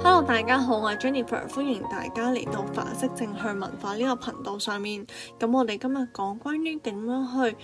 Hello，大家好，我係 Jennifer，歡迎大家嚟到法式正向文化呢個頻道上面。咁我哋今日講關於點樣去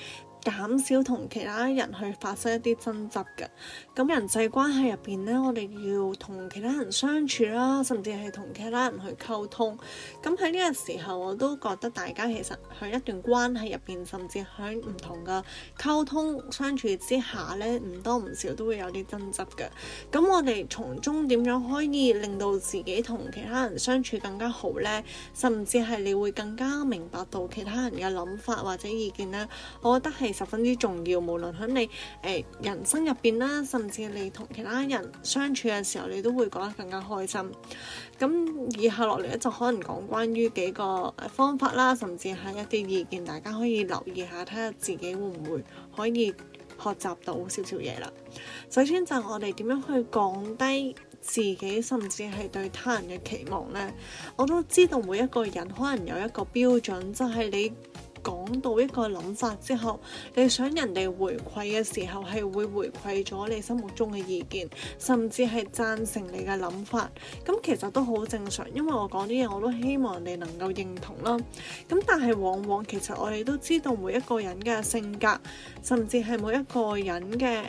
減少同其他人去發生一啲爭執嘅，咁人際關係入邊呢，我哋要同其他人相處啦，甚至係同其他人去溝通。咁喺呢個時候，我都覺得大家其實喺一段關係入邊，甚至喺唔同嘅溝通相處之下呢，唔多唔少都會有啲爭執嘅。咁我哋從中點樣可以令到自己同其他人相處更加好呢？甚至係你會更加明白到其他人嘅諗法或者意見呢？我覺得係十分之重要，無論喺你誒、呃、人生入邊啦，甚至你同其他人相處嘅時候，你都會覺得更加開心。咁以下落嚟咧，就可能講關於幾個方法啦，甚至係一啲意見，大家可以留意下，睇下自己會唔會可以學習到少少嘢啦。首先就係我哋點樣去降低自己，甚至係對他人嘅期望呢？我都知道每一個人可能有一個標準，就係、是、你。講到一個諗法之後，你想人哋回饋嘅時候，係會回饋咗你心目中嘅意見，甚至係贊成你嘅諗法。咁其實都好正常，因為我講啲嘢我都希望你能夠認同啦。咁但係往往其實我哋都知道，每一個人嘅性格，甚至係每一個人嘅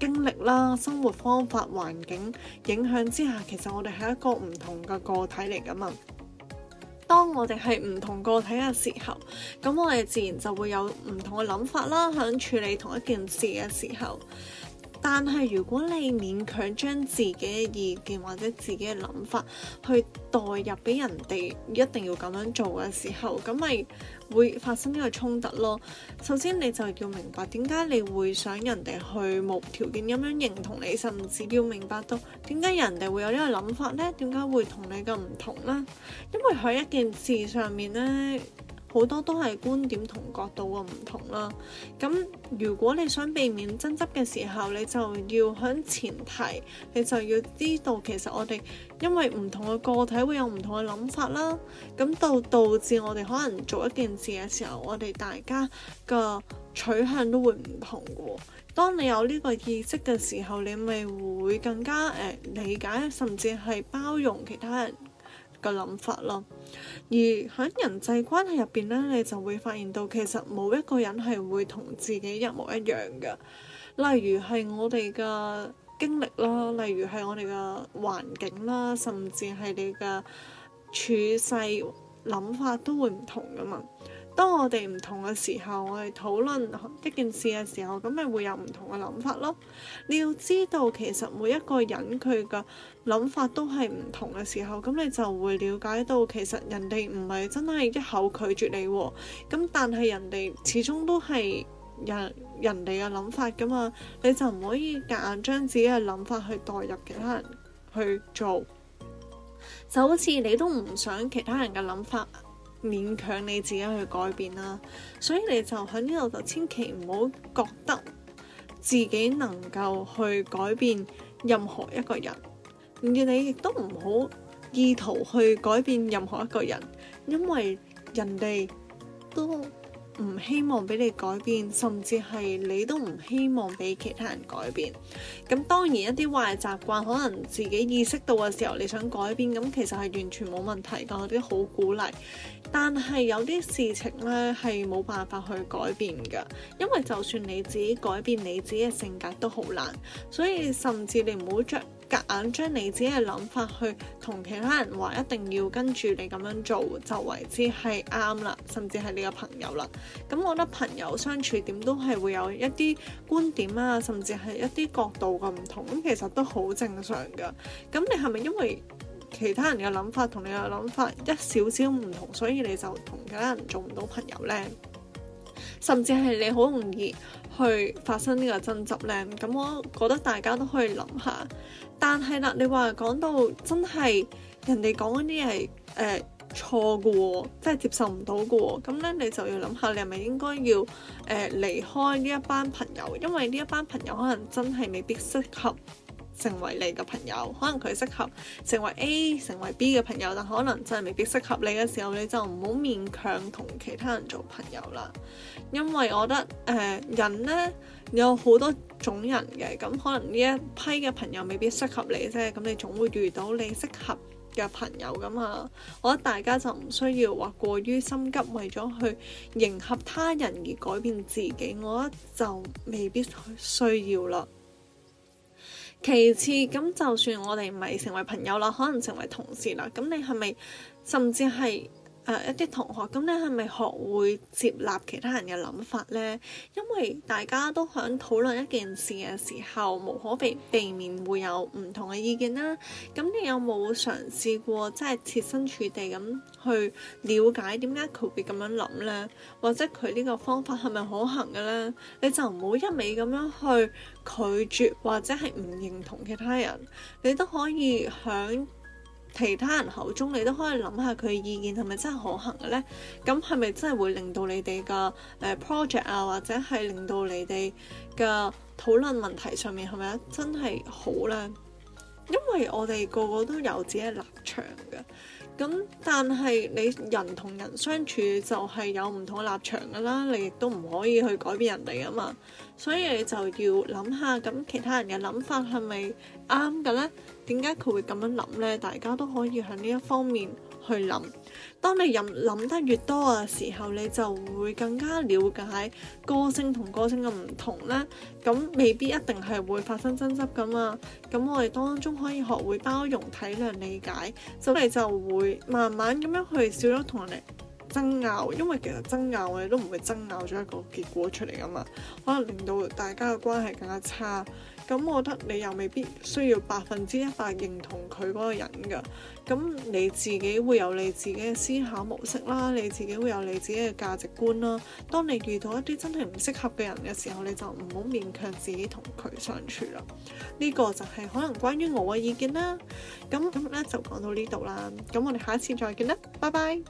經歷啦、生活方法、環境影響之下，其實我哋係一個唔同嘅個體嚟㗎嘛。當我哋係唔同個體嘅時候，咁我哋自然就會有唔同嘅諗法啦，喺處理同一件事嘅時候。但係如果你勉強將自己嘅意見或者自己嘅諗法去代入俾人哋，一定要咁樣做嘅時候，咁咪會發生呢個衝突咯。首先你就要明白點解你會想人哋去無條件咁樣認同你，甚至要明白到點解人哋會有呢個諗法呢？點解會同你咁唔同呢？因為喺一件事上面呢。好多都係觀點同角度嘅唔同啦。咁如果你想避免爭執嘅時候，你就要喺前提，你就要知道其實我哋因為唔同嘅個體會有唔同嘅諗法啦。咁到導致我哋可能做一件事嘅時候，我哋大家個取向都會唔同嘅。當你有呢個意識嘅時候，你咪會更加誒、呃、理解，甚至係包容其他人。嘅諗法咯，而喺人際關係入邊咧，你就會發現到其實冇一個人係會同自己一模一樣嘅。例如係我哋嘅經歷啦，例如係我哋嘅環境啦，甚至係你嘅處世諗法都會唔同㗎嘛。當我哋唔同嘅時候，我哋討論一件事嘅時候，咁咪會有唔同嘅諗法咯。你要知道，其實每一個人佢嘅諗法都係唔同嘅時候，咁你就會了解到，其實人哋唔係真係一口拒絕你喎。咁但係人哋始終都係人人哋嘅諗法㗎嘛，你就唔可以夾硬將自己嘅諗法去代入其他人去做，就好似你都唔想其他人嘅諗法。勉強你自己去改變啦，所以你就喺呢度就千祈唔好覺得自己能夠去改變任何一個人，唔連你亦都唔好意圖去改變任何一個人，因為人哋都。唔希望俾你改變，甚至係你都唔希望俾其他人改變。咁當然一啲壞習慣，可能自己意識到嘅時候你想改變，咁其實係完全冇問題嘅，我啲好鼓勵。但係有啲事情呢係冇辦法去改變嘅，因為就算你自己改變你自己嘅性格都好難，所以甚至你唔好着，夾硬將你自己嘅諗法去同其他人話，一定要跟住你咁樣做，就為之係啱啦，甚至係你個朋友啦。咁我覺得朋友相處點都係會有一啲觀點啊，甚至係一啲角度嘅唔同，咁其實都好正常㗎。咁你係咪因為其他人嘅諗法同你嘅諗法一少少唔同，所以你就同其他人做唔到朋友呢？甚至係你好容易去發生呢個爭執呢。咁我覺得大家都可以諗下。但係啦，你話講到真係人哋講啲係誒錯嘅喎，即係接受唔到嘅喎，咁咧你就要諗下，你係咪應該要誒、呃、離開呢一班朋友？因為呢一班朋友可能真係未必適合，成為你嘅朋友，可能佢適合成為 A 成為 B 嘅朋友，但可能真係未必適合你嘅時候，你就唔好勉強同其他人做朋友啦。因為我覺得誒、呃、人呢，有好多種人嘅，咁可能呢一批嘅朋友未必適合你啫，咁你總會遇到你適合嘅朋友噶嘛。我覺得大家就唔需要話過於心急，為咗去迎合他人而改變自己，我覺得就未必需要啦。其次，咁就算我哋唔係成為朋友啦，可能成為同事啦，咁你係咪，甚至係，誒、呃、一啲同學，咁你係咪學會接納其他人嘅諗法咧？因為大家都響討論一件事嘅時候，無可避避免會有唔同嘅意見啦。咁你有冇嘗試過即係設身處地咁去了解點解佢會咁樣諗咧？或者佢呢個方法係咪可行嘅咧？你就唔好一味咁樣去拒絕或者係唔認同其他人，你都可以響。其他人口中，你都可以諗下佢嘅意見係咪真係可行嘅咧？咁係咪真係會令到你哋嘅 project 啊，或者係令到你哋嘅討論問題上面係咪真係好咧？因為我哋個個都有自己嘅立場嘅，咁但係你人同人相處就係有唔同嘅立場噶啦，你亦都唔可以去改變人哋啊嘛，所以你就要諗下，咁其他人嘅諗法係咪啱嘅呢？點解佢會咁樣諗呢？大家都可以喺呢一方面，去諗，當你諗諗得越多嘅時候，你就會更加了解個性同個性嘅唔同啦。咁未必一定係會發生爭執噶嘛。咁我哋當中可以學會包容、體諒、理解，咁你就會慢慢咁樣去少咗同人。爭拗，因為其實爭拗我哋都唔會爭拗咗一個結果出嚟㗎嘛，可能令到大家嘅關係更加差。咁我覺得你又未必需要百分之一百認同佢嗰個人噶。咁你自己會有你自己嘅思考模式啦，你自己會有你自己嘅價值觀啦。當你遇到一啲真係唔適合嘅人嘅時候，你就唔好勉強自己同佢相處啦。呢個就係可能關於我嘅意見啦。咁今日咧就講到呢度啦。咁我哋下一次再見啦，拜拜。